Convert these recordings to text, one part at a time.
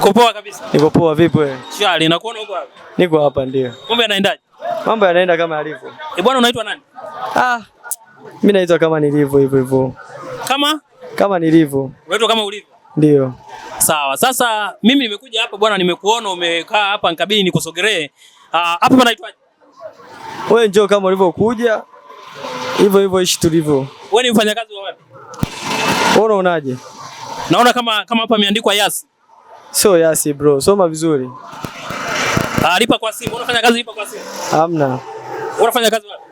Uko poa kabisa? Niko poa, vipi wewe? Shwari, nakuona uko hapa. Niko hapa ndio. Kumbe anaendaje? Mambo yanaenda kama yalivyo. Eh, bwana unaitwa nani? Ah, mimi naitwa kama nilivyo hivyo hivyo. Kama? Kama nilivyo. Unaitwa kama ulivyo? Ndio. Sawa. Sasa mimi nimekuja hapa bwana, nimekuona umekaa hapa nikabidi nikusogelee. Ah, hapa panaitwaje? Wewe njoo kama ulivyokuja. Hivyo hivyo ishi tulivyo. Wewe ni mfanyakazi wa wapi? Unaonaje? Naona kama kama hapa imeandikwa Yasi. So yasi bro, soma vizuri. Ah, lipa kwa simu. Unafanya kazi lipa kwa simu? Hamna. Unafanya kazi wapi?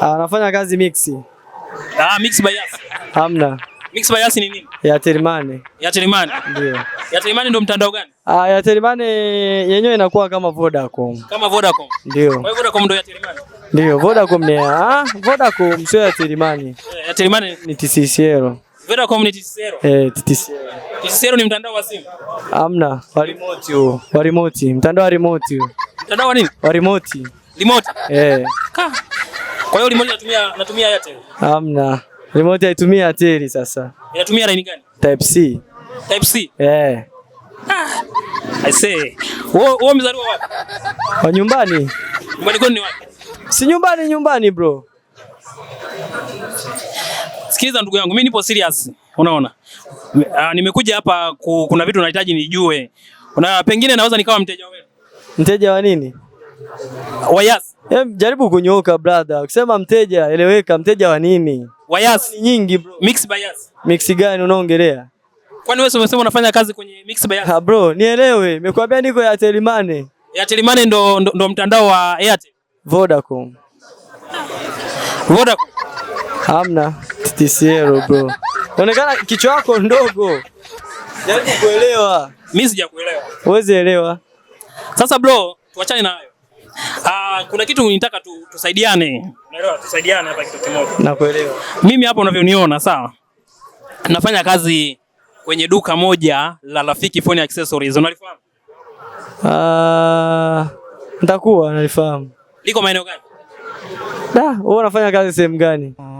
Ah, nafanya kazi mix. Ah, mix by yasi. Hamna. Mix by yasi ni nini? Ya Telimane. Ya Telimane. Ndio. Ya Telimane ndio mtandao gani? Ah, ya Telimane yenyewe inakuwa kama Vodacom. Kama Vodacom. Ndio. Kwa hiyo Vodacom ndio ya Telimane. Ndio, Vodacom ni ah, Vodacom sio ya Telimane. Eh, ya Telimane ni TCCL. Vera Community Zero. Eh, Tisero. Zero ni mtandao wa simu? Hamna, wa remote huo. Wa remote, mtandao wa remote huo. Mtandao wa nini? Wa remote. Remote? Eh. Ka. Kwa hiyo remote natumia natumia Airtel. Hamna. Remote haitumii Airtel sasa. Inatumia line gani? Type C. Type C? Eh. Ah. I say. Wewe wewe mzaliwa wapi? Wa nyumbani. Nyumbani kwani wapi? Si nyumbani nyumbani bro. Sikiliza ndugu yangu, mimi nipo serious, unaona uh, nimekuja hapa ku, kuna vitu nahitaji nijue, na pengine naweza nikawa mteja wenu. Mteja wa nini? Wayas. Em, jaribu kunyoka brother. Ukisema mteja eleweka, mteja wa nini? Wayas ni nyingi bro. Mix bias. Mix gani unaongelea? Kwani wewe umesema unafanya kazi kwenye Mix bias? Ha bro, nielewe. Nimekuambia niko ya Telimane. Ya Telimane ndo, ndo, ndo mtandao wa Airtel. Vodacom. Vodacom. Hamna. TCL bro. Onekana kichwa chako ndogo. Jaribu yaani kuelewa. Mimi sijakuelewa. Uweze elewa. Sasa bro, tuachane na hayo. Ah, kuna kitu nitaka tu, tusaidiane. Unaelewa, tusaidiane hapa kitu kimoja. Nakuelewa. Mimi hapa unavyoniona, sawa? Nafanya kazi kwenye duka moja la Rafiki Phone Accessories. Unalifahamu? Ah, nitakuwa nalifahamu. Liko maeneo gani? Da, wewe unafanya kazi sehemu gani?